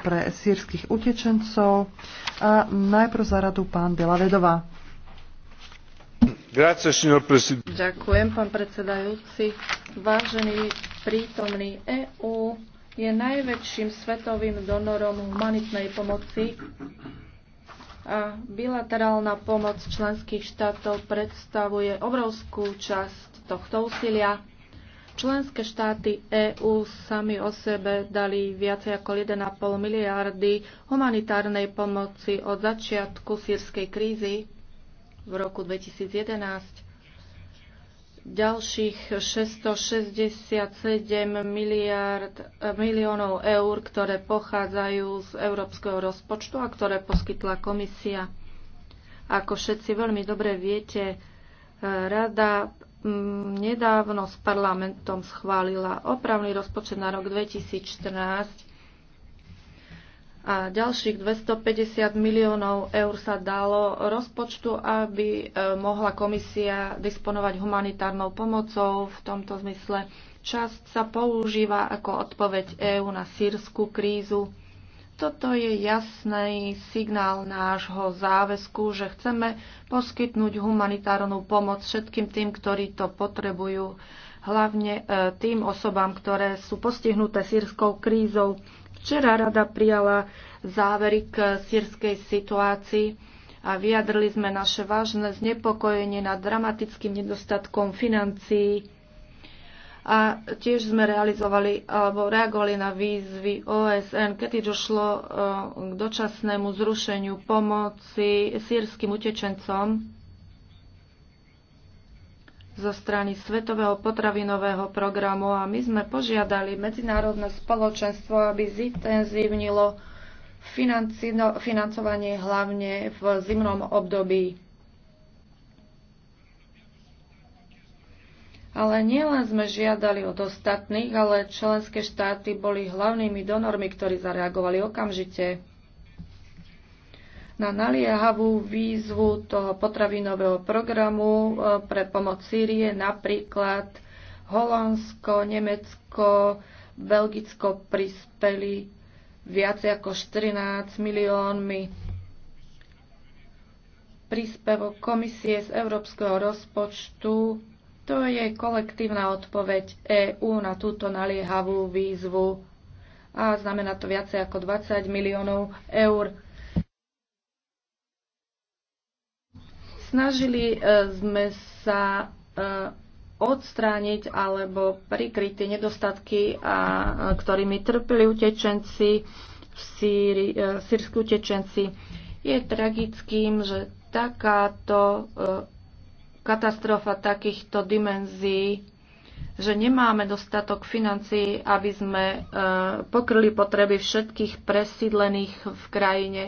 pre sírskych utečencov. A najprv za radu pán Delavedová. Ďakujem, pán predsedajúci. Vážený prítomný EÚ je najväčším svetovým donorom humanitnej pomoci a bilaterálna pomoc členských štátov predstavuje obrovskú časť tohto úsilia. Členské štáty EÚ sami o sebe dali viacej ako 1,5 miliardy humanitárnej pomoci od začiatku sírskej krízy v roku 2011 ďalších 667 miliard, eh, miliónov eur, ktoré pochádzajú z európskeho rozpočtu a ktoré poskytla komisia. Ako všetci veľmi dobre viete, eh, Rada Mm, nedávno s parlamentom schválila opravný rozpočet na rok 2014 a ďalších 250 miliónov eur sa dalo rozpočtu, aby e, mohla komisia disponovať humanitárnou pomocou. V tomto zmysle časť sa používa ako odpoveď EÚ na sírskú krízu. Toto je jasný signál nášho záväzku, že chceme poskytnúť humanitárnu pomoc všetkým tým, ktorí to potrebujú, hlavne e, tým osobám, ktoré sú postihnuté sírskou krízou. Včera rada prijala závery k sírskej situácii a vyjadrili sme naše vážne znepokojenie nad dramatickým nedostatkom financií a tiež sme realizovali alebo reagovali na výzvy OSN, keď došlo e, k dočasnému zrušeniu pomoci sírským utečencom zo strany Svetového potravinového programu a my sme požiadali medzinárodné spoločenstvo, aby zintenzívnilo no, financovanie hlavne v zimnom období. Ale nielen sme žiadali od ostatných, ale členské štáty boli hlavnými donormi, ktorí zareagovali okamžite na naliehavú výzvu toho potravinového programu e, pre pomoc Sýrie, napríklad Holandsko, Nemecko, Belgicko prispeli viac ako 14 miliónmi. Príspevok komisie z európskeho rozpočtu to je kolektívna odpoveď EÚ na túto naliehavú výzvu a znamená to viacej ako 20 miliónov eur. Snažili e, sme sa e, odstrániť alebo prikryť tie nedostatky, e, ktorými trpili utečenci v Sýri, sírsku utečenci. Je tragickým, že takáto katastrofa takýchto dimenzií, že nemáme dostatok financií, aby sme e, pokryli potreby všetkých presídlených v krajine.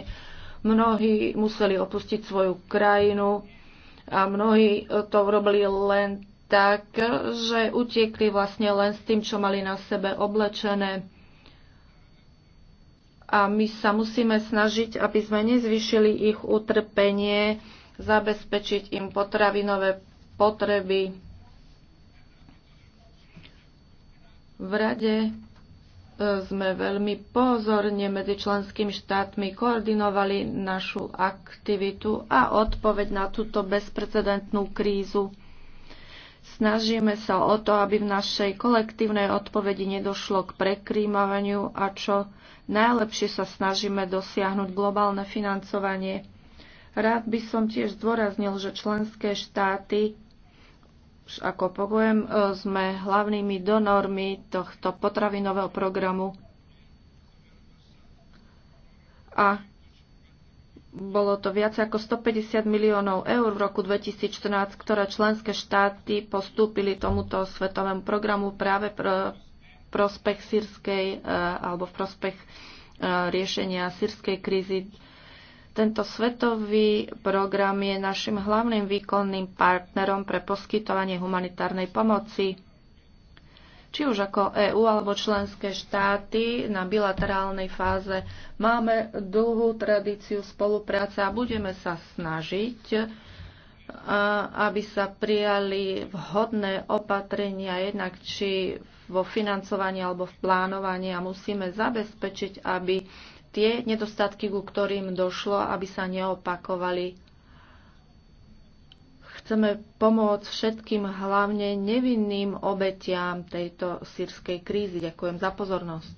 Mnohí museli opustiť svoju krajinu a mnohí e, to robili len tak, že utiekli vlastne len s tým, čo mali na sebe oblečené. A my sa musíme snažiť, aby sme nezvyšili ich utrpenie, zabezpečiť im potravinové potreby. V rade e, sme veľmi pozorne medzi členskými štátmi koordinovali našu aktivitu a odpoveď na túto bezprecedentnú krízu. Snažíme sa o to, aby v našej kolektívnej odpovedi nedošlo k prekrímovaniu a čo najlepšie sa snažíme dosiahnuť globálne financovanie. Rád by som tiež zdôraznil, že členské štáty ako pogujem e, sme hlavnými donormi tohto potravinového programu a bolo to viac ako 150 miliónov eur v roku 2014, ktoré členské štáty postúpili tomuto svetovému programu práve pr- prospech sírskej e, alebo v prospech e, riešenia sírskej krízy tento svetový program je našim hlavným výkonným partnerom pre poskytovanie humanitárnej pomoci. Či už ako EÚ alebo členské štáty na bilaterálnej fáze máme dlhú tradíciu spolupráce a budeme sa snažiť, aby sa prijali vhodné opatrenia jednak či vo financovaní alebo v plánovaní a musíme zabezpečiť, aby tie nedostatky, ku ktorým došlo, aby sa neopakovali. Chceme pomôcť všetkým, hlavne nevinným obetiam tejto sírskej krízy. Ďakujem za pozornosť.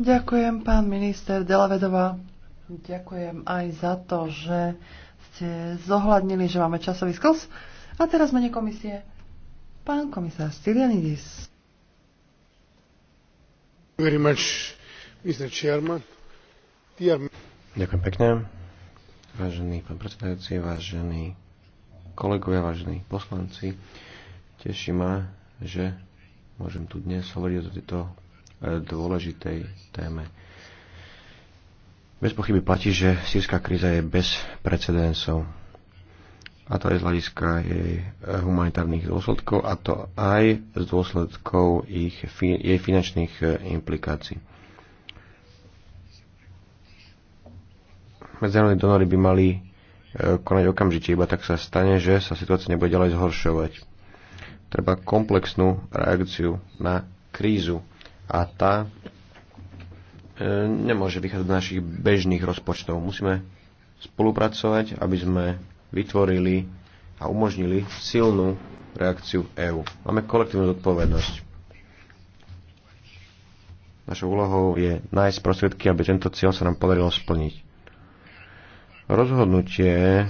Ďakujem, pán minister Delavedová. Ďakujem aj za to, že ste zohľadnili, že máme časový skos. A teraz menej komisie. Pán komisár Stylianidis. Very much, Ďakujem pekne. Vážený pán predsedajúci, vážení kolegovia, vážení poslanci, teší ma, že môžem tu dnes hovoriť o tejto e, dôležitej téme. Bez pochyby platí, že sírska kríza je bez precedensov. A to aj z hľadiska jej e, humanitárnych dôsledkov, a to aj z dôsledkov ich, jej finančných e, implikácií. medzinárodní donory by mali e, konať okamžite, iba tak sa stane, že sa situácia nebude ďalej zhoršovať. Treba komplexnú reakciu na krízu a tá e, nemôže vychádzať z našich bežných rozpočtov. Musíme spolupracovať, aby sme vytvorili a umožnili silnú reakciu EÚ. Máme kolektívnu zodpovednosť. Našou úlohou je nájsť prostriedky, aby tento cieľ sa nám podarilo splniť. Rozhodnutie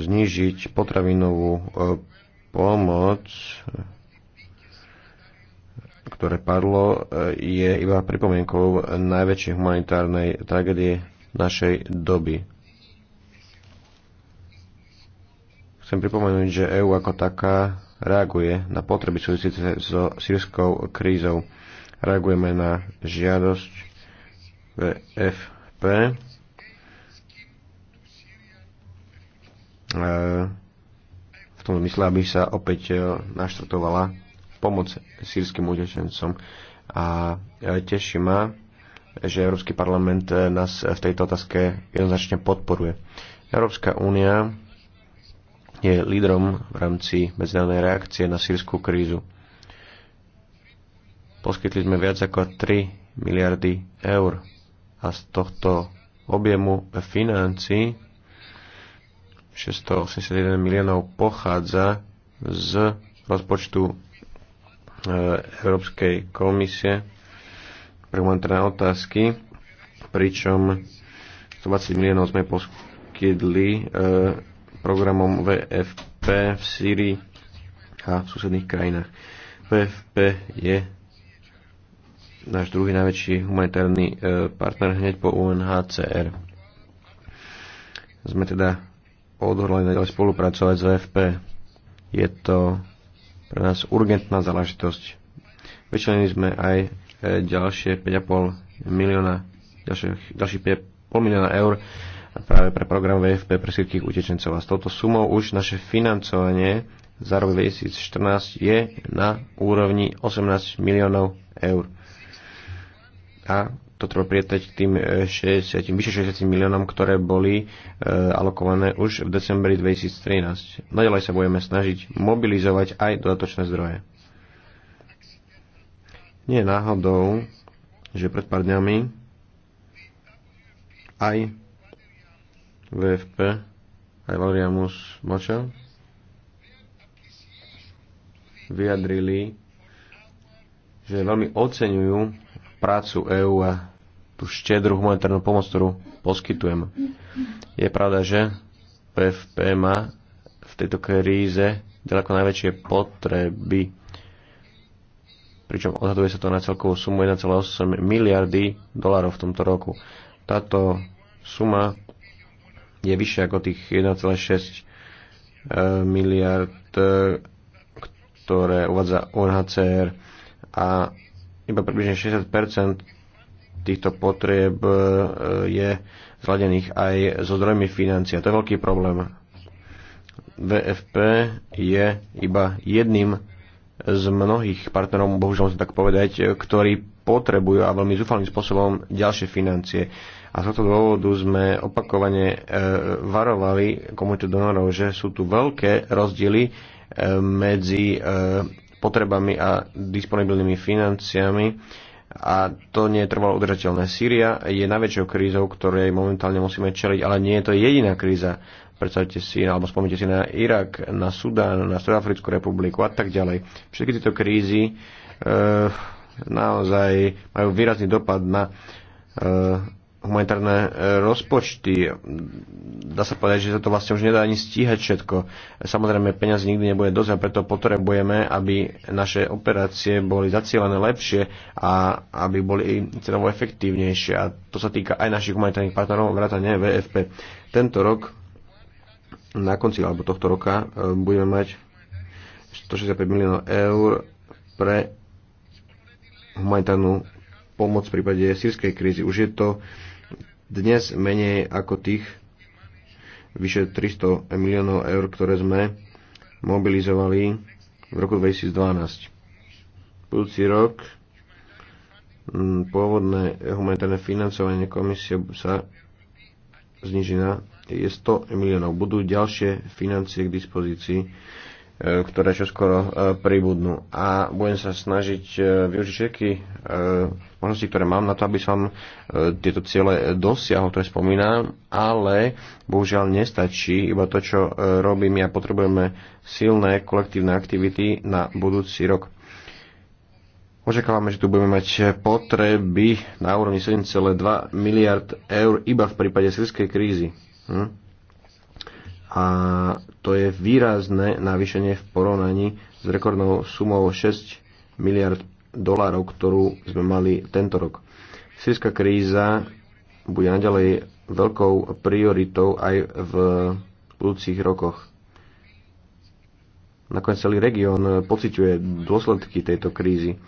znížiť potravinovú e, pomoc, ktoré padlo, e, je iba pripomienkou najväčšej humanitárnej tragédie našej doby. Chcem pripomenúť, že EÚ ako taká reaguje na potreby súvisíce so sírskou krízou. Reagujeme na žiadosť VFP E, v tom zmysle, aby sa opäť e, naštartovala pomoc sírskym utečencom. A e, teší ma, že Európsky parlament nás v tejto otázke jednoznačne podporuje. Európska únia je lídrom v rámci medzinárodnej reakcie na sírskú krízu. Poskytli sme viac ako 3 miliardy eur a z tohto objemu financí 681 miliónov pochádza z rozpočtu e, Európskej komisie pre humanitárne otázky, pričom 120 miliónov sme poskytli e, programom VFP v Sýrii a v susedných krajinách. VFP je náš druhý najväčší humanitárny e, partner hneď po UNHCR. Sme teda odhodlali ďalej spolupracovať s VFP. Je to pre nás urgentná záležitosť. Vyčlenili sme aj e, ďalšie 5,5 milióna, ďalšie, ďalšie 5,5 milióna eur práve pre program VFP pre všetkých utečencov. A s touto sumou už naše financovanie za rok 2014 je na úrovni 18 miliónov eur. A to treba prietať k tým 60, e, vyše 60 miliónom, ktoré boli e, alokované už v decembri 2013. Naďalej sa budeme snažiť mobilizovať aj dodatočné zdroje. Nie náhodou, že pred pár dňami aj VFP, aj Valriamus Moča vyjadrili, že veľmi oceňujú prácu EÚ a tú štedrú humanitárnu pomoc, ktorú poskytujem. Je pravda, že PFP má v tejto kríze ďaleko najväčšie potreby. Pričom odhaduje sa to na celkovú sumu 1,8 miliardy dolárov v tomto roku. Táto suma je vyššia ako tých 1,6 eh, miliard, eh, ktoré uvádza UNHCR a iba približne 60% týchto potrieb e, je zladených aj so zdrojmi financií. To je veľký problém. VFP je iba jedným z mnohých partnerov, bohužiaľ musím tak povedať, ktorí potrebujú a veľmi zúfalým spôsobom ďalšie financie. A z tohto dôvodu sme opakovane e, varovali komunitu donorov, že sú tu veľké rozdiely e, medzi e, potrebami a disponibilnými financiami a to nie je trvalo udržateľné. Sýria je najväčšou krízou, ktorej momentálne musíme čeliť, ale nie je to jediná kríza. Predstavte si, alebo spomnite si na Irak, na Sudán, na Stredafrickú republiku a tak ďalej. Všetky tieto krízy e, naozaj majú výrazný dopad na e, humanitárne e, rozpočty. Dá sa povedať, že sa to vlastne už nedá ani stíhať všetko. Samozrejme, peniaz nikdy nebude dosť a preto potrebujeme, aby naše operácie boli zacielené lepšie a aby boli cenovo efektívnejšie. A to sa týka aj našich humanitárnych partnerov, vrátane VFP. Tento rok, na konci alebo tohto roka, e, budeme mať 165 miliónov eur pre humanitárnu pomoc v prípade sírskej krízy. Už je to dnes menej ako tých vyše 300 miliónov eur, ktoré sme mobilizovali v roku 2012. Budúci rok pôvodné humanitárne financovanie komisie sa zniží na je 100 miliónov. Budú ďalšie financie k dispozícii E, ktoré čoskoro e, pribudnú. A budem sa snažiť e, využiť všetky možnosti, ktoré mám na to, aby som tieto ciele dosiahol, ktoré spomínam, ale bohužiaľ nestačí iba to, čo robím. Ja potrebujeme silné kolektívne aktivity na budúci rok. Očakávame, že tu budeme mať potreby na úrovni 7,2 miliard eur iba v prípade sírskej krízy. Hm? A to je výrazné navýšenie v porovnaní s rekordnou sumou 6 miliard dolárov, ktorú sme mali tento rok. Sýrska kríza bude naďalej veľkou prioritou aj v budúcich rokoch. Nakoniec celý región pociťuje dôsledky tejto krízy.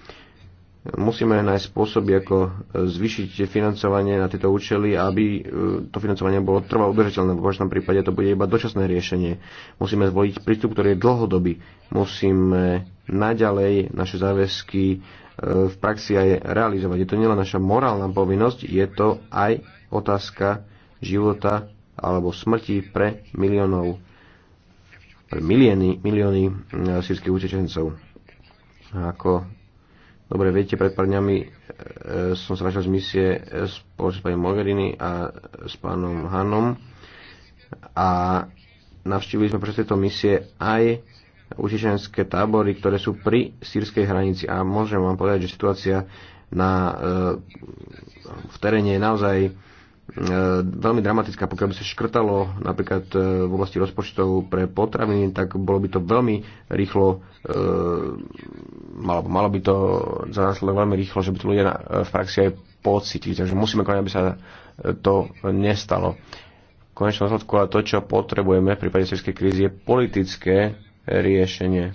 Musíme nájsť spôsoby, ako e, zvýšiť financovanie na tieto účely, aby e, to financovanie bolo trvalo udržateľné. V vašom prípade to bude iba dočasné riešenie. Musíme zvoliť prístup, ktorý je dlhodobý. Musíme naďalej naše záväzky e, v praxi aj realizovať. Je to nielen naša morálna povinnosť, je to aj otázka života alebo smrti pre miliónov, pre milióny, milióny sírskych utečencov. Ako Dobre, viete, pred pár dňami e, som sa vrátil z misie e, spolu s pani Mogherini a s pánom Hanom a navštívili sme počas tejto misie aj utečenské tábory, ktoré sú pri sírskej hranici a môžem vám povedať, že situácia na, e, v teréne je naozaj E, veľmi dramatická. Pokiaľ by sa škrtalo napríklad e, v oblasti rozpočtov pre potraviny, tak bolo by to veľmi rýchlo, e, malo, malo by to za následok veľmi rýchlo, že by to ľudia v praxi aj pocitili. Takže musíme konať, aby sa to nestalo. V konečnom dôsledku to, čo potrebujeme v prípade sírskej krízy, je politické riešenie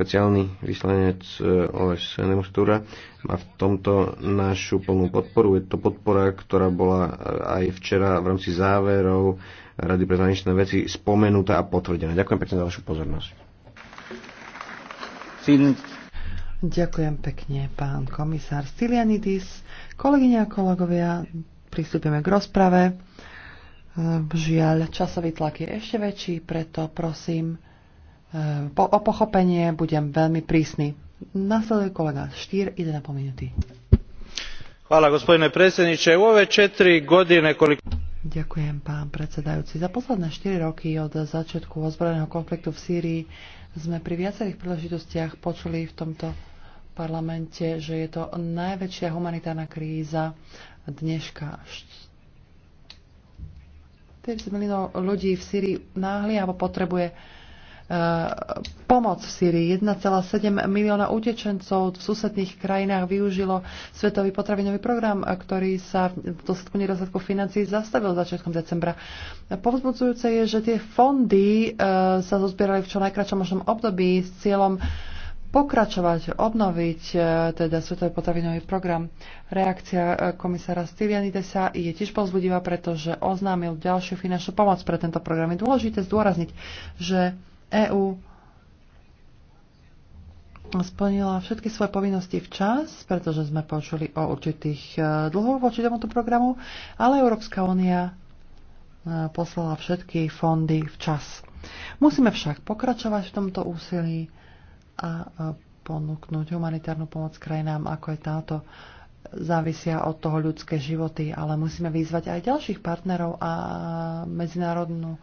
Špeciálny vyslanec e, OSN e, Mustura má v tomto našu plnú podporu. Je to podpora, ktorá bola e, aj včera v rámci záverov Rady pre zahraničné veci spomenutá a potvrdená. Ďakujem pekne za vašu pozornosť. Ďakujem pekne, pán komisár Stylianidis. Kolegyne a kolegovia, pristúpime k rozprave. Žiaľ, časový tlak je ešte väčší, preto prosím, Eh, po, o pochopenie budem veľmi prísny. Nasleduje kolega Štýr, ide na pominuty. Hvala, gospodine predsedniče. U ove četiri godine koliko... Ďakujem, pán predsedajúci. Za posledné 4 roky od začiatku ozbrojeného konfliktu v Sýrii sme pri viacerých príležitostiach počuli v tomto parlamente, že je to najväčšia humanitárna kríza dneška. 40 miliónov ľudí v Sýrii náhli alebo potrebuje Eh, pomoc v Syrii. 1,7 milióna utečencov v susedných krajinách využilo Svetový potravinový program, ktorý sa v dôsledku nedostatku financií zastavil začiatkom decembra. Povzbudzujúce je, že tie fondy eh, sa zozbierali v čo najkračom možnom období s cieľom pokračovať, obnoviť eh, teda Svetový potravinový program. Reakcia komisára Stylianidesa je tiež povzbudivá, pretože oznámil ďalšiu finančnú pomoc pre tento program. Je dôležité zdôrazniť, že EÚ splnila všetky svoje povinnosti včas, pretože sme počuli o určitých e, dlhoch voči tomuto programu, ale Európska únia e, poslala všetky fondy včas. Musíme však pokračovať v tomto úsilí a e, ponúknuť humanitárnu pomoc krajinám, ako je táto, závisia od toho ľudské životy, ale musíme vyzvať aj ďalších partnerov a medzinárodnú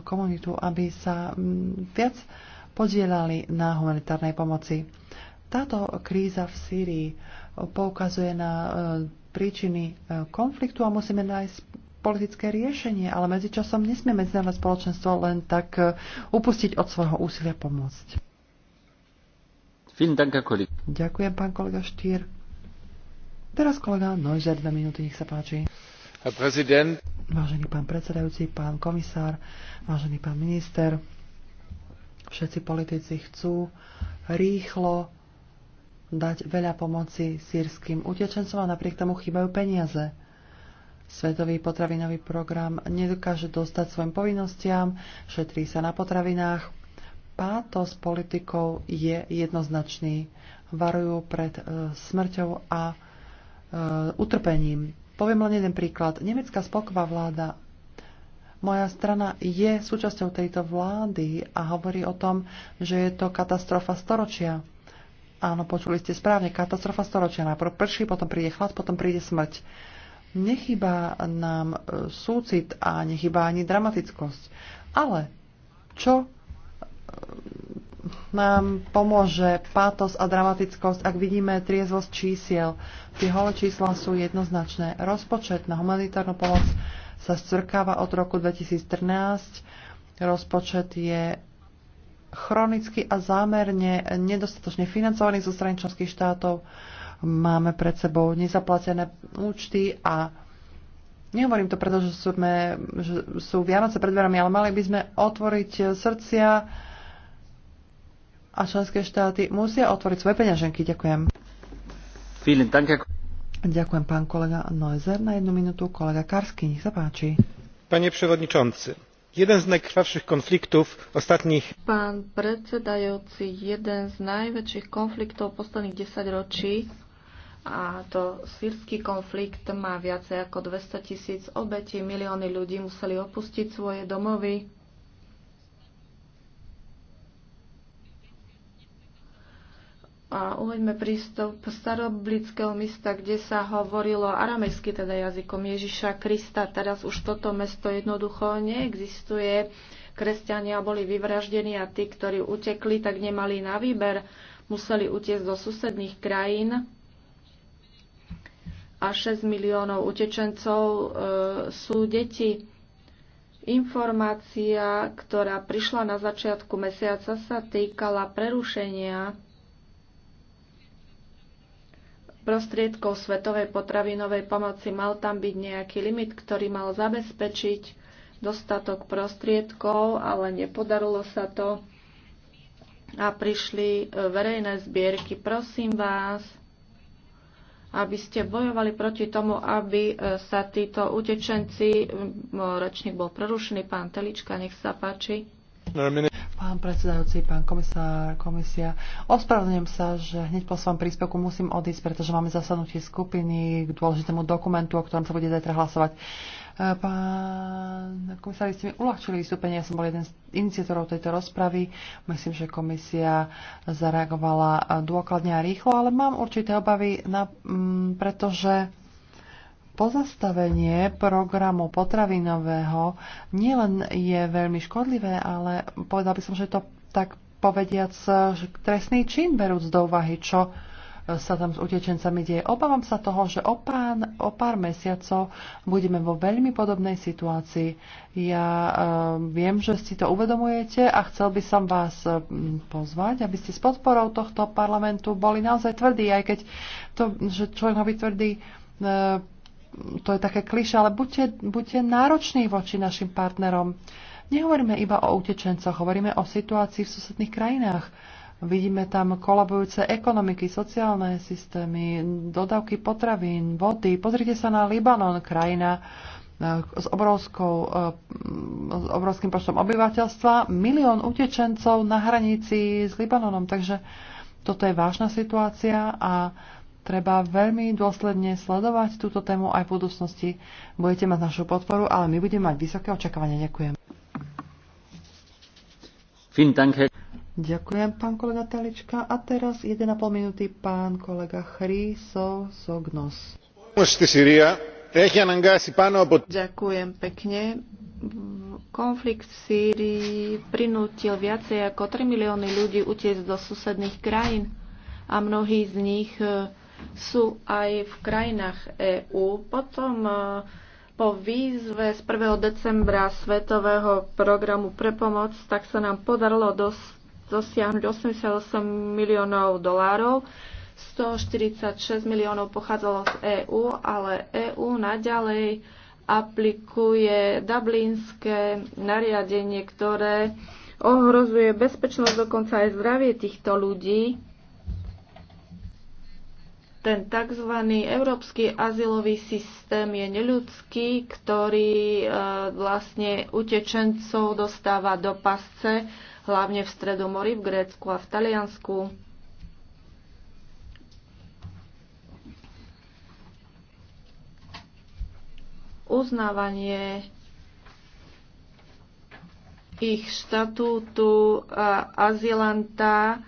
komunitu, aby sa mm, viac podielali na humanitárnej pomoci. Táto kríza v Sýrii eh, poukazuje na eh, príčiny eh, konfliktu a musíme nájsť politické riešenie, ale medzičasom nesmie medzinárodné spoločenstvo len tak upustiť od svojho úsilia pomôcť. Ďakujem, pán kolega Štýr. Teraz kolega Neuser, dve minúty, nech sa páči. Vážený pán predsedajúci, pán komisár, vážený pán minister, všetci politici chcú rýchlo dať veľa pomoci sírským utečencom a napriek tomu chýbajú peniaze. Svetový potravinový program nedokáže dostať svojim povinnostiam, šetrí sa na potravinách. s politikov je jednoznačný. Varujú pred e, smrťou a e, utrpením. Poviem len jeden príklad. Nemecká spolková vláda. Moja strana je súčasťou tejto vlády a hovorí o tom, že je to katastrofa storočia. Áno, počuli ste správne, katastrofa storočia. Najprv prší, potom príde chlad, potom príde smrť. Nechýba nám e, súcit a nechýba ani dramatickosť. Ale čo e, nám pomôže pátos a dramatickosť, ak vidíme triezvosť čísiel. Tie holé čísla sú jednoznačné. Rozpočet na humanitárnu pomoc sa zcrkáva od roku 2013. Rozpočet je chronicky a zámerne nedostatočne financovaný zo strany členských štátov. Máme pred sebou nezaplatené účty a nehovorím to preto, že, sme, že sú Vianoce pred dverami, ale mali by sme otvoriť srdcia a členské štáty musia otvoriť svoje peňaženky. Ďakujem. Ďakujem, pán kolega Noezer. Na jednu minútu kolega Karski, nech sa páči. Panie przewodniczący, jeden z najkrwawszych konfliktów ostatnich... Pán predsedajúci, jeden z najväčších konfliktov posledných desaťročí a to sírsky konflikt má viacej ako 200 tisíc obetí, milióny ľudí museli opustiť svoje domovy A uveďme prístup staroblického mesta, kde sa hovorilo aramejsky, teda jazykom Ježiša Krista. Teraz už toto mesto jednoducho neexistuje. Kresťania boli vyvraždení a tí, ktorí utekli, tak nemali na výber. Museli utiecť do susedných krajín a 6 miliónov utečencov e, sú deti. Informácia, ktorá prišla na začiatku mesiaca, sa týkala prerušenia prostriedkov Svetovej potravinovej pomoci mal tam byť nejaký limit, ktorý mal zabezpečiť dostatok prostriedkov, ale nepodarilo sa to a prišli e, verejné zbierky. Prosím vás, aby ste bojovali proti tomu, aby e, sa títo utečenci, ročník bol prerušený, pán Telička, nech sa páči. Pán predsedajúci, pán komisár, komisia, ospravedlňujem sa, že hneď po svojom príspevku musím odísť, pretože máme zasadnutie skupiny k dôležitému dokumentu, o ktorom sa bude zajtra hlasovať. E, pán komisár, ste mi uľahčili vystúpenie, ja som bol jeden z iniciatorov tejto rozpravy. Myslím, že komisia zareagovala e, dôkladne a rýchlo, ale mám určité obavy, na, m, pretože pozastavenie programu potravinového nielen je veľmi škodlivé, ale povedal by som, že to tak povediac trestný čin berúc do úvahy, čo sa tam s utečencami deje. Obávam sa toho, že o pár, o pár mesiacov budeme vo veľmi podobnej situácii. Ja e, viem, že si to uvedomujete a chcel by som vás e, pozvať, aby ste s podporou tohto parlamentu boli naozaj tvrdí, aj keď to, že človek má byť tvrdý, e, ehm, to je také kliše, ale buďte, buďte nároční voči našim partnerom. Nehovoríme iba o utečencoch, hovoríme o situácii v susedných krajinách. Vidíme tam kolabujúce ekonomiky, sociálne systémy, dodavky potravín, vody. Pozrite sa na Libanon, krajina e, s, obrovskou, e, s obrovským počtom obyvateľstva, milión utečencov na hranici s Libanonom. Takže toto je vážna situácia a treba veľmi dôsledne sledovať túto tému aj v budúcnosti. Budete mať našu podporu, ale my budeme mať vysoké očakávania. Ďakujem. Ďakujem, pán kolega Telička. A teraz 1,5 minúty pán kolega Chriso Sognos. Ďakujem pekne. Konflikt v Sýrii prinútil viacej ako 3 milióny ľudí utiecť do susedných krajín a mnohí z nich eh, sú aj v krajinách EÚ. Potom e, po výzve z 1. decembra Svetového programu pre pomoc, tak sa nám podarilo dos- dosiahnuť 88 miliónov dolárov. 146 miliónov pochádzalo z EÚ, ale EÚ naďalej aplikuje dublinské nariadenie, ktoré ohrozuje bezpečnosť, dokonca aj zdravie týchto ľudí ten tzv. európsky azylový systém je neľudský, ktorý e, vlastne utečencov dostáva do pasce, hlavne v Stredomori, v Grécku a v Taliansku. Uznávanie ich štatútu azylanta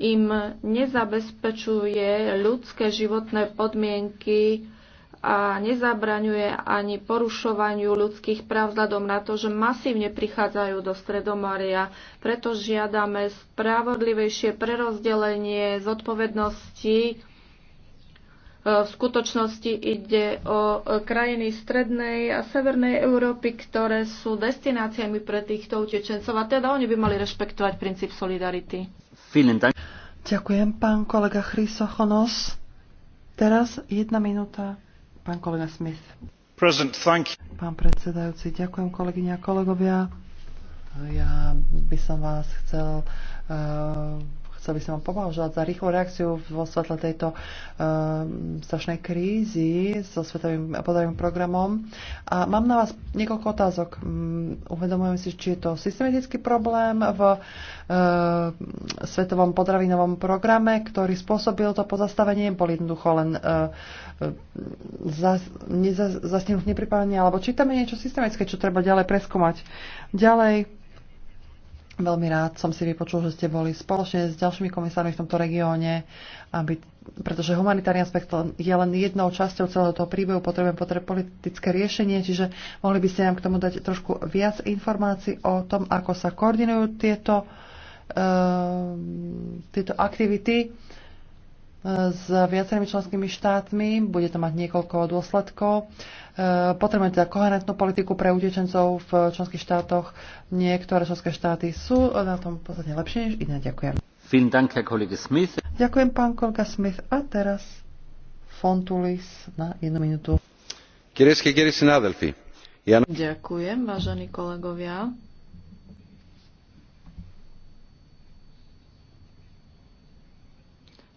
im nezabezpečuje ľudské životné podmienky a nezabraňuje ani porušovaniu ľudských práv vzhľadom na to, že masívne prichádzajú do Stredomoria. Preto žiadame spravodlivejšie prerozdelenie zodpovednosti v skutočnosti ide o krajiny strednej a severnej Európy, ktoré sú destináciami pre týchto utečencov a teda oni by mali rešpektovať princíp solidarity. Ďakujem, pán kolega Chrysochonos. Teraz jedna minúta, pán kolega Smith. Pán predsedajúci, ďakujem kolegyne a kolegovia. Ja by som vás chcel uh, Chcel by som vám za rýchlu reakciu vo svetle tejto uh, strašnej krízy so svetovým podarovým programom. A mám na vás niekoľko otázok. Mm, uvedomujem si, či je to systematický problém v uh, svetovom podravinovom programe, ktorý spôsobil to pozastavenie. Boli jednoducho len uh, ehm, zas, nezas, nepripravenie, alebo či tam je niečo systematické, čo treba ďalej preskúmať. Ďalej, Veľmi rád som si vypočul, že ste boli spoločne s ďalšími komisármi v tomto regióne, aby, pretože humanitárny aspekt je len jednou časťou celého toho príbehu, potrebujeme potreb politické riešenie, čiže mohli by ste nám k tomu dať trošku viac informácií o tom, ako sa koordinujú tieto, uh, tieto aktivity s viacerými členskými štátmi, bude to mať niekoľko dôsledkov. E, potrebujeme teda koherentnú politiku pre utečencov v členských štátoch. Niektoré členské štáty sú na tom podstatne lepšie než iné. Ďakujem. Ďakujem, pán kolega Smith. A teraz Fontulis na jednu minútu. Ďakujem, vážení kolegovia.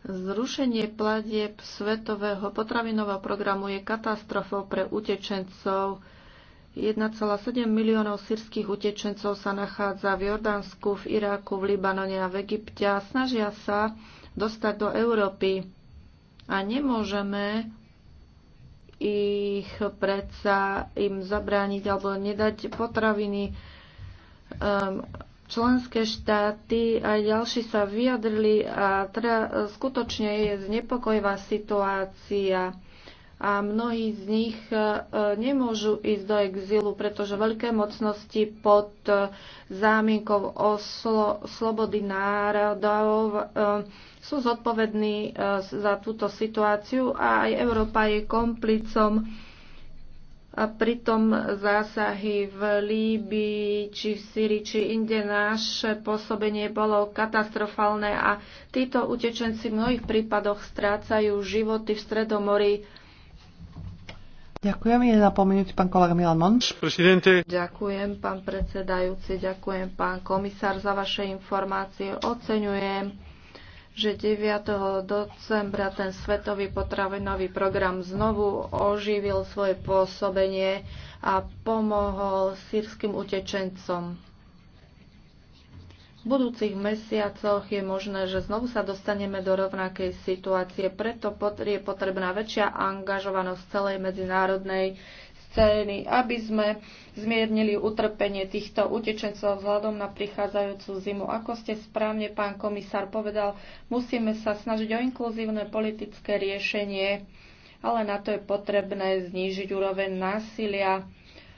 Zrušenie platieb Svetového potravinového programu je katastrofou pre utečencov. 1,7 miliónov sírskych utečencov sa nachádza v Jordánsku, v Iráku, v Libanone a v Egypte a snažia sa dostať do Európy. A nemôžeme ich predsa im zabrániť alebo nedať potraviny. Um, členské štáty a ďalší sa vyjadrili a teda e, skutočne je znepokojivá situácia a mnohí z nich e, nemôžu ísť do exílu, pretože veľké mocnosti pod e, zámienkou o slo- slobody národov sú zodpovední za túto situáciu a aj Európa je komplicom a pritom zásahy v Líbii, či v Syrii, či inde naše pôsobenie bolo katastrofálne a títo utečenci v mnohých prípadoch strácajú životy v Stredomorí. Ďakujem. Je na pominúť pán kolega Milan Mon. Presidente. Ďakujem, pán predsedajúci, ďakujem, pán komisár, za vaše informácie. Oceňujem že 9. decembra ten svetový potravinový program znovu oživil svoje pôsobenie a pomohol sírskym utečencom. V budúcich mesiacoch je možné, že znovu sa dostaneme do rovnakej situácie, preto je potrebná väčšia angažovanosť celej medzinárodnej scény, aby sme zmiernili utrpenie týchto utečencov vzhľadom na prichádzajúcu zimu. Ako ste správne, pán komisár, povedal, musíme sa snažiť o inkluzívne politické riešenie, ale na to je potrebné znížiť úroveň násilia.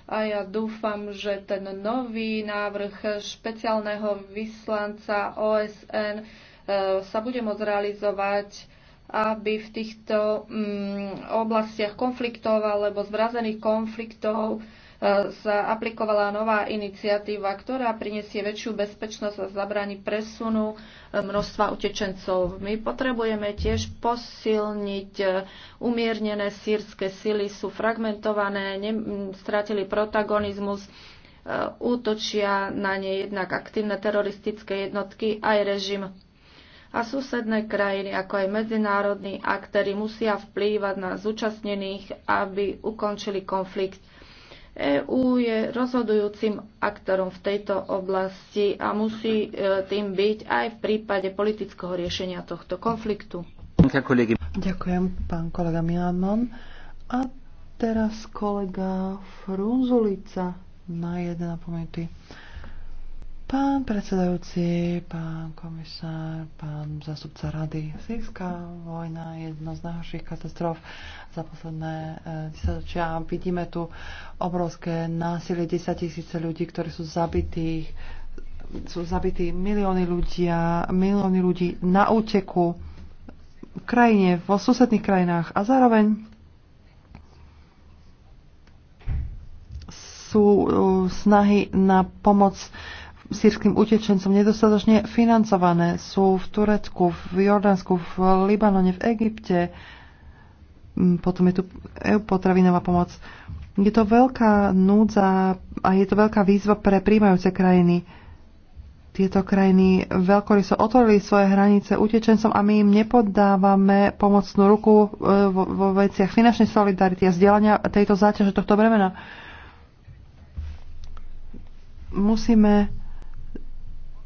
A ja dúfam, že ten nový návrh špeciálneho vyslanca OSN e, sa bude môcť realizovať aby v týchto mm, oblastiach konfliktov alebo zvrazených konfliktov e, sa aplikovala nová iniciatíva, ktorá prinesie väčšiu bezpečnosť a zabraní presunu e, množstva utečencov. My potrebujeme tiež posilniť e, umiernené sírske sily, sú fragmentované, ne, stratili protagonizmus, útočia na ne jednak aktívne teroristické jednotky aj režim a susedné krajiny, ako aj medzinárodní aktéry musia vplývať na zúčastnených, aby ukončili konflikt. EÚ je rozhodujúcim aktorom v tejto oblasti a musí e, tým byť aj v prípade politického riešenia tohto konfliktu. Ďakujem, pán kolega Milanon. A teraz kolega Frunzulica na 1,5 pomenutý. Pán predsedajúci, pán komisár, pán zastupca rady, sírska vojna je jedna z najhorších katastrof za posledné e, desaťročia. Vidíme tu obrovské násilie, 10 tisíce ľudí, ktorí sú zabitých, sú zabití milióny ľudia, milióny ľudí na úteku v krajine, vo susedných krajinách a zároveň sú e, snahy na pomoc sírským utečencom nedostatočne financované. Sú v Turecku, v Jordánsku, v Libanone, v Egypte. Mm, potom je tu potravinová pomoc. Je to veľká núdza a je to veľká výzva pre príjmajúce krajiny. Tieto krajiny veľkory sa otvorili svoje hranice utečencom a my im nepodávame pomocnú ruku e, vo, vo veciach finančnej solidarity a vzdelania tejto záťaže, tohto bremena musíme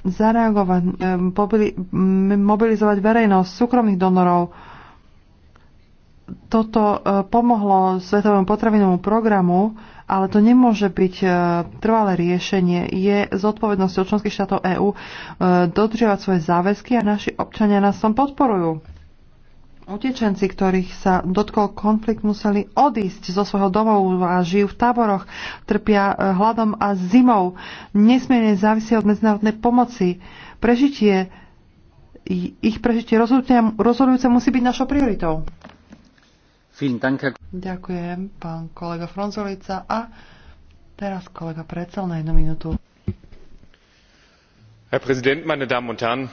zareagovať, eh, mobilizovať verejnosť, súkromných donorov. Toto eh, pomohlo Svetovému potravinovému programu, ale to nemôže byť eh, trvalé riešenie. Je zodpovednosťou členských štátov EÚ dodržiavať svoje záväzky a naši občania nás tom podporujú. Utečenci, ktorých sa dotkol konflikt, museli odísť zo svojho domovu a žijú v táboroch, trpia e, hladom a zimou, nesmierne závisia od medzinárodnej pomoci. Prežitie, ich prežitie rozhodujúce musí byť našou prioritou. Ďakujem, pán kolega Fronzolica. A teraz kolega Precel na jednu minútu. Herr Präsident, meine Damen und Herren.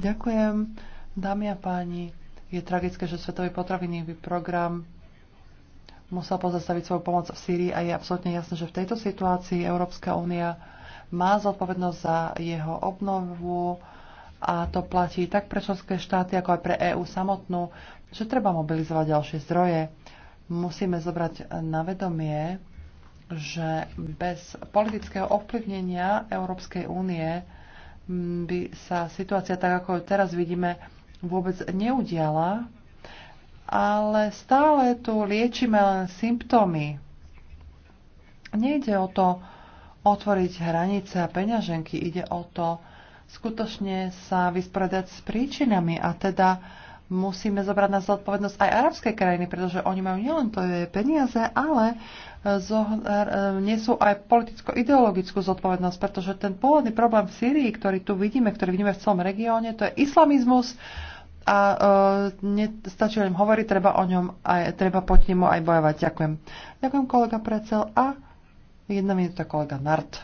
Ďakujem, dámy a páni je tragické, že Svetový potravinový program musel pozastaviť svoju pomoc v Sýrii a je absolútne jasné, že v tejto situácii Európska únia má zodpovednosť za jeho obnovu a to platí tak pre členské štáty, ako aj pre EÚ samotnú, že treba mobilizovať ďalšie zdroje. Musíme zobrať na vedomie, že bez politického ovplyvnenia Európskej únie by sa situácia, tak ako ju teraz vidíme, vôbec neudiala, ale stále tu liečíme len symptómy. Nejde o to otvoriť hranice a peňaženky, ide o to skutočne sa vysporiadať s príčinami a teda musíme zobrať na zodpovednosť aj arabské krajiny, pretože oni majú nielen to peniaze, ale e, e, nesú aj politicko-ideologickú zodpovednosť, pretože ten pôvodný problém v Sýrii, ktorý tu vidíme, ktorý vidíme v celom regióne, to je islamizmus a e, nestačí len hovoriť, treba o ňom aj, treba proti nemu aj bojovať. Ďakujem. Ďakujem kolega Precel a jedna minúta kolega Nart.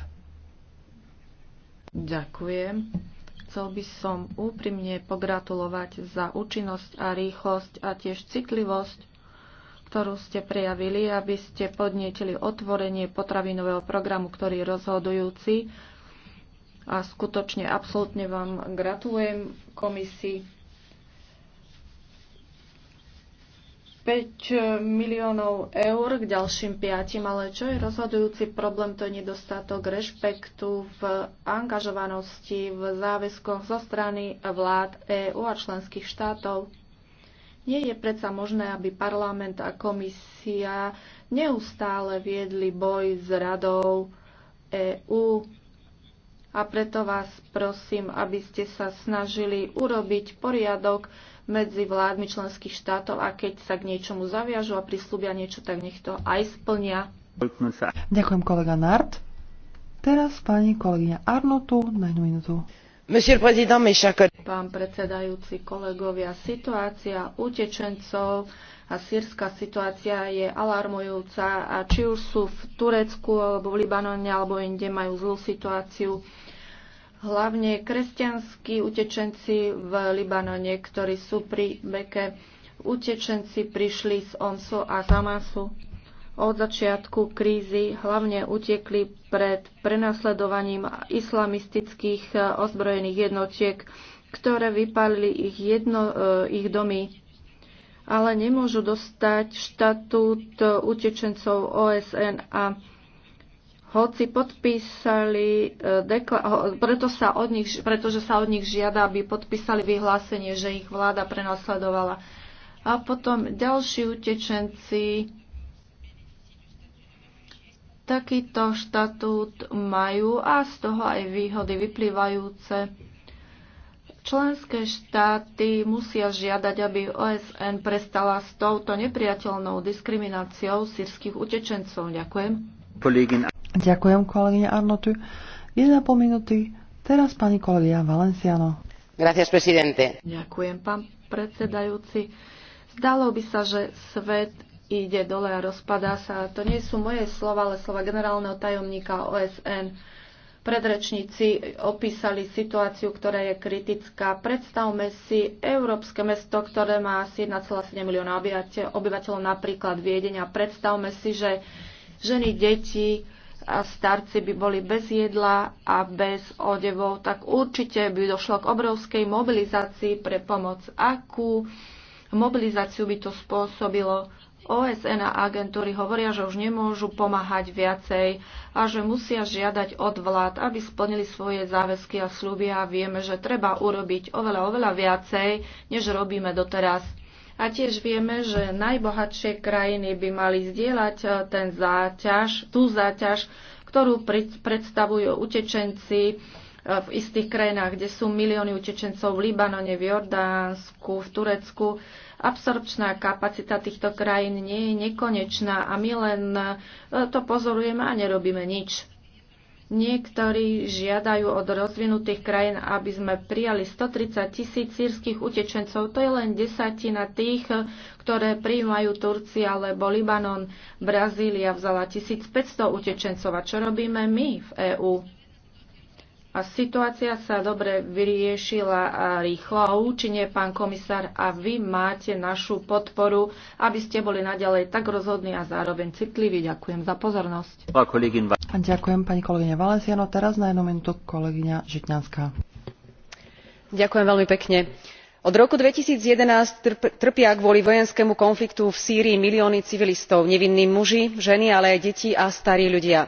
Ďakujem. Chcel by som úprimne pogratulovať za účinnosť a rýchlosť a tiež citlivosť ktorú ste prejavili, aby ste podnietili otvorenie potravinového programu, ktorý je rozhodujúci. A skutočne absolútne vám gratulujem komisii. 5 miliónov eur k ďalším piatim, ale čo je rozhodujúci problém, to je nedostatok rešpektu v angažovanosti, v záväzkoch zo strany vlád EÚ a členských štátov. Nie je predsa možné, aby parlament a komisia neustále viedli boj s radou EÚ. A preto vás prosím, aby ste sa snažili urobiť poriadok medzi vládmi členských štátov a keď sa k niečomu zaviažu a prislúbia niečo, tak nech to aj splnia. Ďakujem kolega Nart. Teraz pani kolegyňa Arnotu na jednu minútu. Pán predsedajúci, kolegovia, situácia utečencov a sírska situácia je alarmujúca a či už sú v Turecku alebo v Libanone alebo inde majú zlú situáciu hlavne kresťanskí utečenci v Libanone, ktorí sú pri Beke. Utečenci prišli z Omsu a Zamasu. Od začiatku krízy hlavne utekli pred prenasledovaním islamistických e, ozbrojených jednotiek, ktoré vypalili ich, jedno, e, ich domy ale nemôžu dostať štatút e, utečencov OSN a hoci podpísali, e, preto sa od nich, pretože sa od nich žiada, aby podpísali vyhlásenie, že ich vláda prenasledovala. A potom ďalší utečenci takýto štatút majú a z toho aj výhody vyplývajúce. Členské štáty musia žiadať, aby OSN prestala s touto nepriateľnou diskrimináciou sírskych utečencov. Ďakujem. Ďakujem, kolegyňa Arnotu. pol minúty. Teraz pani kolegyňa Valenciano. Gracias, presidente. Ďakujem, pán predsedajúci. Zdalo by sa, že svet ide dole a rozpadá sa. To nie sú moje slova, ale slova generálneho tajomníka OSN. Predrečníci opísali situáciu, ktorá je kritická. Predstavme si európske mesto, ktoré má asi 1,7 milióna obyvateľov, napríklad Viedenia. Predstavme si, že ženy, deti, a starci by boli bez jedla a bez odevov, tak určite by došlo k obrovskej mobilizácii pre pomoc. Akú mobilizáciu by to spôsobilo? OSN a agentúry hovoria, že už nemôžu pomáhať viacej a že musia žiadať od vlád, aby splnili svoje záväzky a slúby a vieme, že treba urobiť oveľa, oveľa viacej, než robíme doteraz. A tiež vieme, že najbohatšie krajiny by mali zdieľať e, ten záťaž, tú záťaž, ktorú predstavujú utečenci e, v istých krajinách, kde sú milióny utečencov v Libanone, v Jordánsku, v Turecku. Absorpčná kapacita týchto krajín nie je nekonečná a my len e, to pozorujeme a nerobíme nič. Niektorí žiadajú od rozvinutých krajín, aby sme prijali 130 tisíc sírskych utečencov. To je len desatina tých, ktoré prijímajú Turcia alebo Libanon. Brazília vzala 1500 utečencov. A čo robíme my v EÚ? A situácia sa dobre vyriešila a rýchlo a účinne, pán komisár, a vy máte našu podporu, aby ste boli naďalej tak rozhodní a zároveň citliví. Ďakujem za pozornosť. Ďakujem pani kolegyňa Valenciano. Teraz na jednu minútu kolegyňa Žitňanská. Ďakujem veľmi pekne. Od roku 2011 trpia kvôli vojenskému konfliktu v Sýrii milióny civilistov, nevinní muži, ženy, ale aj deti a starí ľudia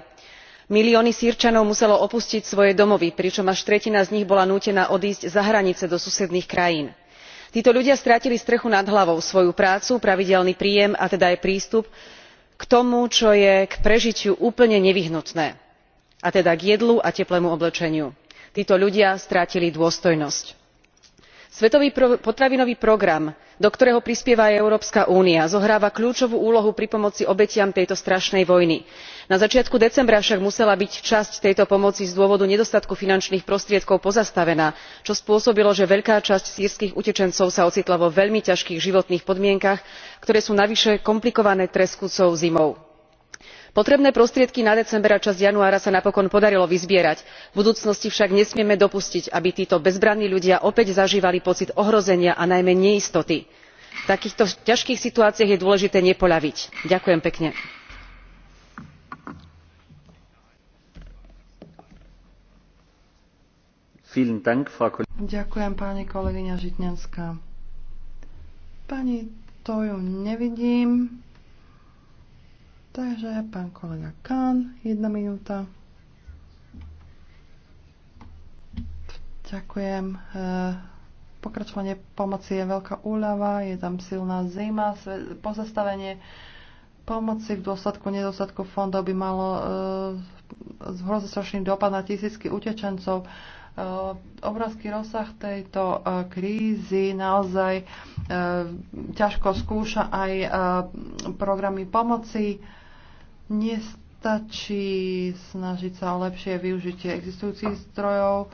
milióny sýrčanov muselo opustiť svoje domovy pričom až tretina z nich bola nútená odísť za hranice do susedných krajín. títo ľudia stratili strechu nad hlavou svoju prácu pravidelný príjem a teda aj prístup k tomu čo je k prežitiu úplne nevyhnutné a teda k jedlu a teplému oblečeniu. títo ľudia stratili dôstojnosť svetový potravinový program do ktorého prispieva aj európska únia zohráva kľúčovú úlohu pri pomoci obetiam tejto strašnej vojny. na začiatku decembra však musela byť časť tejto pomoci z dôvodu nedostatku finančných prostriedkov pozastavená čo spôsobilo že veľká časť sýrskych utečencov sa ocitla vo veľmi ťažkých životných podmienkach ktoré sú navyše komplikované treskúcou zimou potrebné prostriedky na december a časť januára sa napokon podarilo vyzbierať v budúcnosti však nesmieme dopustiť aby títo bezbranní ľudia opäť zažívali pocit ohrozenia a najmä neistoty. v takýchto ťažkých situáciách je dôležité nepoľaviť. ďakujem pekne. Ďakujem pani kolegyňa Žitňanská. Pani, nevidím. Takže pán kolega Kán, jedna minúta. Ďakujem. E, pokračovanie pomoci je veľká úľava, je tam silná zima, pozastavenie pomoci v dôsledku nedostatku fondov by malo e, hrozostrašný dopad na tisícky utečencov. E, obrovský rozsah tejto e, krízy naozaj e, ťažko skúša aj e, programy pomoci. E, Nestačí snažiť sa o lepšie využitie existujúcich zdrojov,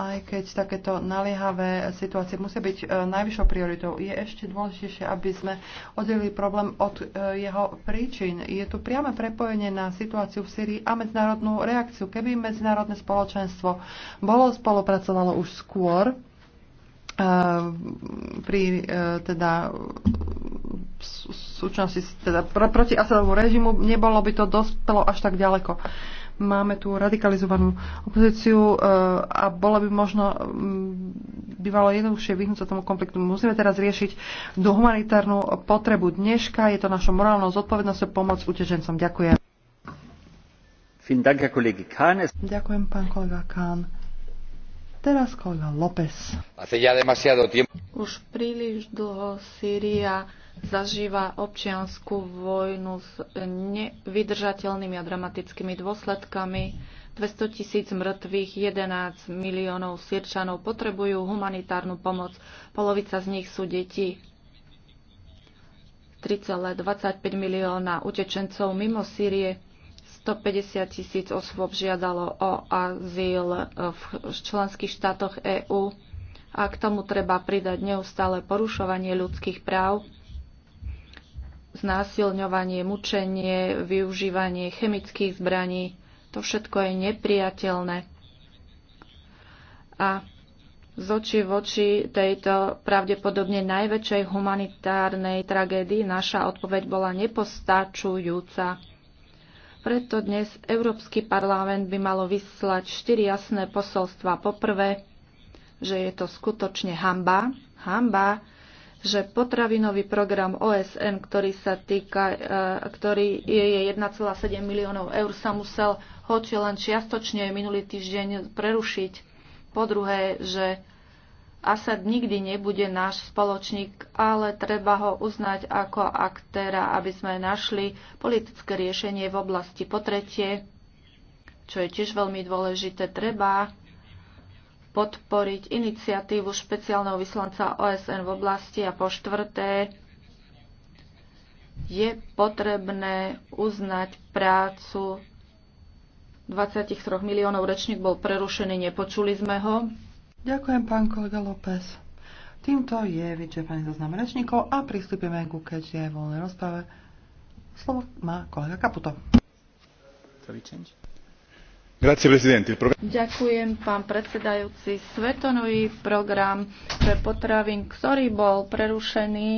aj keď takéto naliehavé situácie musia byť e, najvyššou prioritou, je ešte dôležitejšie, aby sme oddelili problém od e, jeho príčin. Je tu priame prepojenie na situáciu v Syrii a medzinárodnú reakciu. Keby medzinárodné spoločenstvo bolo spolupracovalo už skôr, Ehm, pri e, teda súčasnosti teda proti Asadovu režimu nebolo by to dospelo až tak ďaleko. Máme tu radikalizovanú opozíciu e, a bolo by možno mm, bývalo jednoduchšie vyhnúť sa tomu konfliktu. Musíme teraz riešiť do humanitárnu potrebu dneška. Je to našou morálnou zodpovednosťou pomoc utečencom. Ďakujem. Ďakujem, pán kolega Kahn. Teraz kolega López. Už príliš dlho Sýria zažíva občianskú vojnu s nevydržateľnými a dramatickými dôsledkami. 200 tisíc mŕtvych, 11 miliónov Sirčanov potrebujú humanitárnu pomoc. Polovica z nich sú deti. 3,25 milióna utečencov mimo Sýrie 150 tisíc osôb žiadalo o azyl e, v členských štátoch EÚ a k tomu treba pridať neustále porušovanie ľudských práv, znásilňovanie, mučenie, využívanie chemických zbraní. To všetko je nepriateľné. A z oči v oči tejto pravdepodobne najväčšej humanitárnej tragédii naša odpoveď bola nepostačujúca. Preto dnes Európsky parlament by malo vyslať štyri jasné posolstva. Poprvé, že je to skutočne hamba, hamba, že potravinový program OSN, ktorý, sa týka, e, ktorý je 1,7 miliónov eur, sa musel hoči len čiastočne minulý týždeň prerušiť. Po druhé, že Asad nikdy nebude náš spoločník, ale treba ho uznať ako aktéra, aby sme našli politické riešenie v oblasti. potretie, čo je tiež veľmi dôležité, treba podporiť iniciatívu špeciálneho vyslanca OSN v oblasti a po štvrté, je potrebné uznať prácu 23 miliónov rečník bol prerušený, nepočuli sme ho. Ďakujem, pán kolega López. Týmto je vyčerpaný zoznam rečníkov a pristúpime ku keďže aj voľnej rozprave. Slovo má kolega Kaputo. Ďakujem, pán predsedajúci. Svetonový program pre potravín, ktorý bol prerušený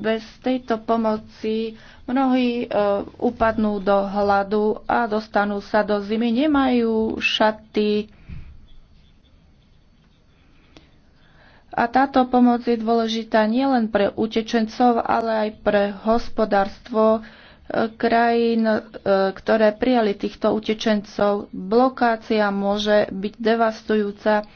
bez tejto pomoci, mnohí e, upadnú do hladu a dostanú sa do zimy, nemajú šaty, A táto pomoc je dôležitá nielen pre utečencov, ale aj pre hospodárstvo e, krajín, e, ktoré prijali týchto utečencov. Blokácia môže byť devastujúca.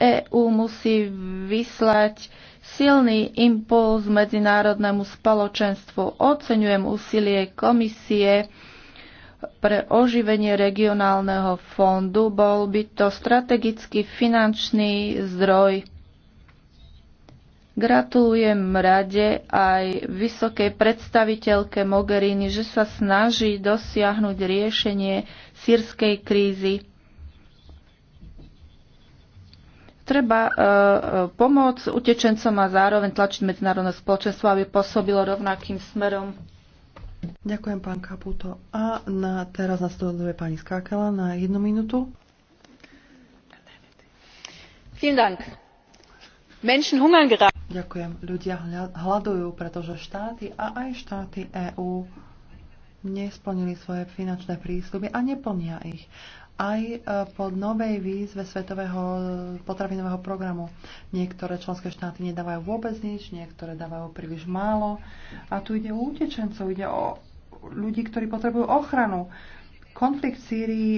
EÚ musí vyslať silný impuls medzinárodnému spoločenstvu. Oceňujem úsilie komisie pre oživenie regionálneho fondu. Bol by to strategický finančný zdroj Gratulujem rade aj vysokej predstaviteľke Mogherini, že sa snaží dosiahnuť riešenie sírskej krízy. Treba e, e pomôcť utečencom a zároveň tlačiť medzinárodné spoločenstvo, aby pôsobilo rovnakým smerom. Ďakujem, pán Kaputo. A na, teraz nasleduje pani Skákala na jednu minútu. Vielen Dank. Menschen hungern gerade. Ďakujem. Ľudia hľadujú, pretože štáty a aj štáty EÚ nesplnili svoje finančné prísľuby a neplnia ich. Aj e, po novej výzve Svetového potravinového programu niektoré členské štáty nedávajú vôbec nič, niektoré dávajú príliš málo. A tu ide o utečencov, ide o ľudí, ktorí potrebujú ochranu. Konflikt v Sýrii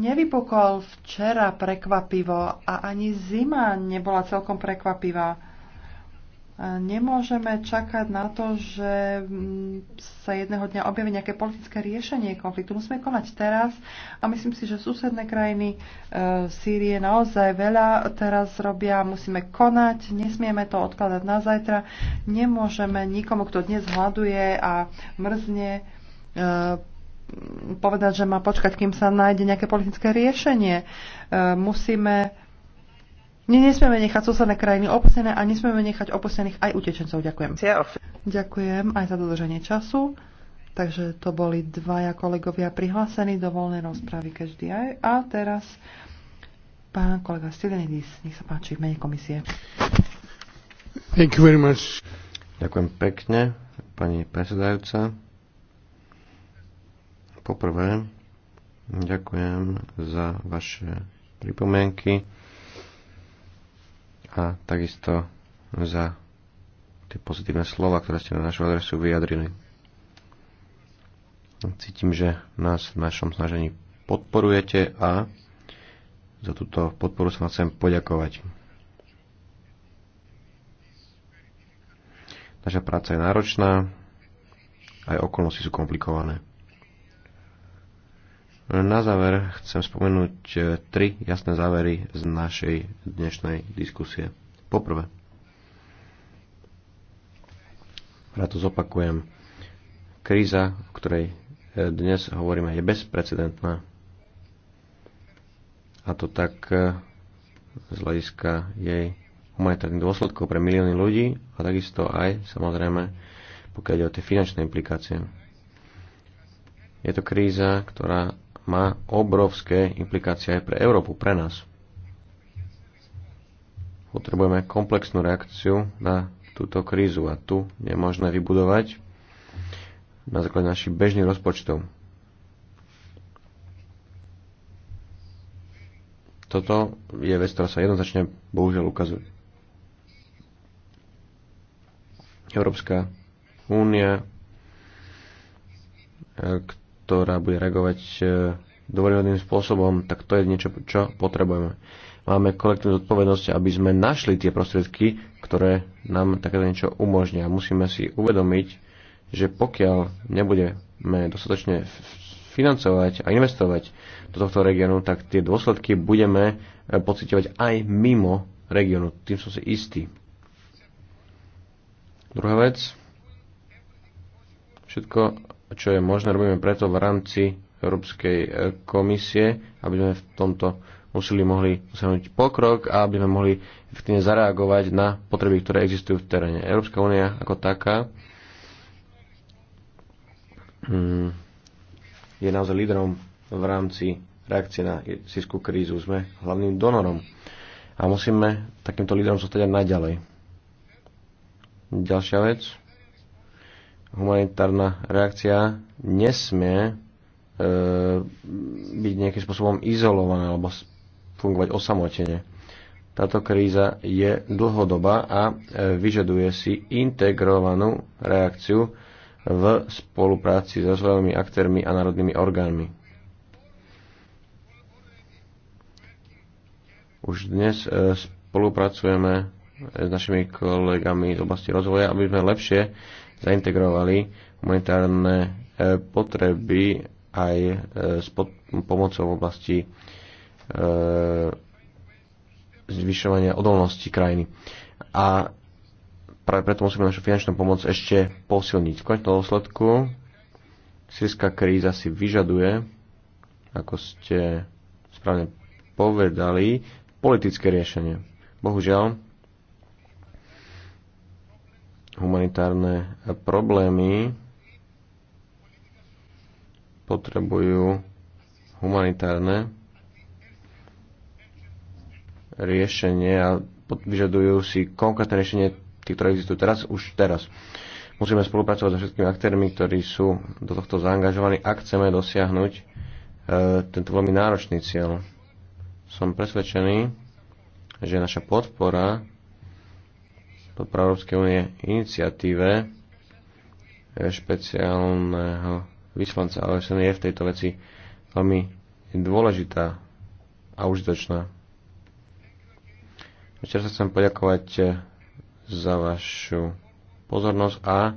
nevypokol včera prekvapivo a ani zima nebola celkom prekvapivá. Nemôžeme čakať na to, že mm, sa jedného dňa objaví nejaké politické riešenie konfliktu. Musíme konať teraz a myslím si, že susedné krajiny e, Sýrie naozaj veľa teraz robia. Musíme konať, nesmieme to odkladať na zajtra. Nemôžeme nikomu, kto dnes hľaduje a mrzne, e, povedať, že má počkať, kým sa nájde nejaké politické riešenie. E, musíme Ne, nesmieme nechať susedné krajiny opustené a nesmieme nechať opustených aj utečencov. Ďakujem. Ďakujem aj za dodržanie času. Takže to boli dvaja kolegovia prihlásení do voľnej rozpravy každý aj. A teraz pán kolega Stilenidis, nech sa páči v mene komisie. Thank you very much. Ďakujem pekne, pani predsedajúca. Poprvé, ďakujem za vaše pripomienky a takisto za tie pozitívne slova, ktoré ste na našu adresu vyjadrili. Cítim, že nás v našom snažení podporujete a za túto podporu sa vám chcem poďakovať. Naša práca je náročná, aj okolnosti sú komplikované. Na záver chcem spomenúť e, tri jasné závery z našej dnešnej diskusie. Poprvé, ja to zopakujem, kríza, o ktorej e, dnes hovoríme, je bezprecedentná. A to tak e, z hľadiska jej humanitárnych dôsledkov pre milióny ľudí a takisto aj, samozrejme, pokiaľ ide o tie finančné implikácie. Je to kríza, ktorá má obrovské implikácie aj pre Európu, pre nás. Potrebujeme komplexnú reakciu na túto krízu a tu je možné vybudovať na základe našich bežných rozpočtov. Toto je vec, ktorá sa jednoznačne bohužiaľ ukazuje. Európska únia, e, ktorá bude reagovať e, dôveryhodným spôsobom, tak to je niečo, čo potrebujeme. Máme kolektívnu zodpovednosť, aby sme našli tie prostriedky, ktoré nám takéto niečo umožnia. Musíme si uvedomiť, že pokiaľ nebudeme dostatočne financovať a investovať do tohto regiónu, tak tie dôsledky budeme e, pocitovať aj mimo regiónu. Tým som si istý. Druhá vec. Všetko čo je možné, robíme preto v rámci Európskej e, komisie, aby sme v tomto úsilí mohli dosiahnuť pokrok a aby sme mohli efektívne zareagovať na potreby, ktoré existujú v teréne. Európska únia ako taká mm, je naozaj lídrom v rámci reakcie na sískú krízu. Sme hlavným donorom a musíme takýmto lídrom zostať aj naďalej. Ďalšia vec humanitárna reakcia nesmie e, byť nejakým spôsobom izolovaná alebo fungovať osamotene. Táto kríza je dlhodobá a e, vyžaduje si integrovanú reakciu v spolupráci s so rozvojovými aktérmi a národnými orgánmi. Už dnes e, spolupracujeme s našimi kolegami z oblasti rozvoja, aby sme lepšie zaintegrovali humanitárne e, potreby aj e, s pomocou v oblasti e, zvyšovania odolnosti krajiny. A práve preto musíme našu finančnú pomoc ešte posilniť. V konečnom dôsledku sírska kríza si vyžaduje, ako ste správne povedali, politické riešenie. Bohužiaľ, humanitárne problémy potrebujú humanitárne riešenie a vyžadujú si konkrétne riešenie tých, ktoré existujú teraz, už teraz. Musíme spolupracovať so všetkými aktérmi, ktorí sú do tohto zaangažovaní, ak chceme dosiahnuť e, tento veľmi náročný cieľ. Som presvedčený, že naša podpora dopravu Európskej únie iniciatíve špeciálneho vyslanca OSN je v tejto veci veľmi dôležitá a užitočná. Ešte sa chcem poďakovať eh, za vašu pozornosť a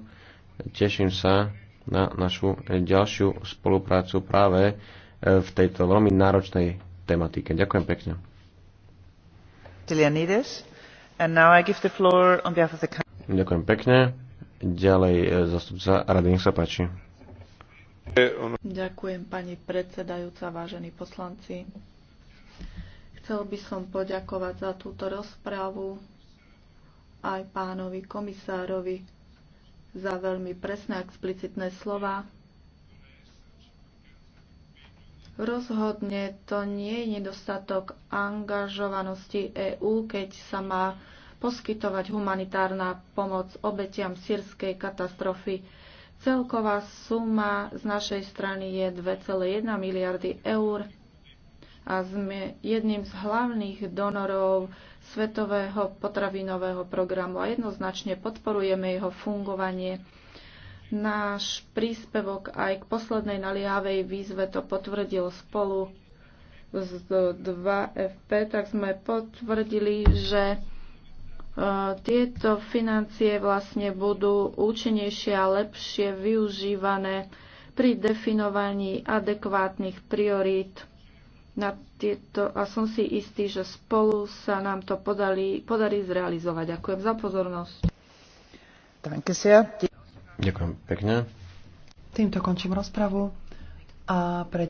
teším sa na našu eh, ďalšiu spoluprácu práve eh, v tejto veľmi náročnej tematike. Ďakujem pekne. Stylianides. Ďakujem pekne. Ďalej e, zastupca rady, nech sa páči. Ďakujem pani predsedajúca, vážení poslanci. Chcel by som poďakovať za túto rozprávu aj pánovi komisárovi za veľmi presné a explicitné slova. Rozhodne to nie je nedostatok angažovanosti EÚ, keď sa má poskytovať humanitárna pomoc obetiam sírskej katastrofy. Celková suma z našej strany je 2,1 miliardy eur a sme jedným z hlavných donorov Svetového potravinového programu a jednoznačne podporujeme jeho fungovanie. Náš príspevok aj k poslednej naliehavej výzve to potvrdil spolu z 2FP, tak sme potvrdili, že e, tieto financie vlastne budú účinnejšie a lepšie využívané pri definovaní adekvátnych priorít na tieto a som si istý, že spolu sa nám to podali, podarí zrealizovať. Ďakujem za pozornosť. Danke sehr. Ďakujem pekne. Týmto končím rozpravu a pre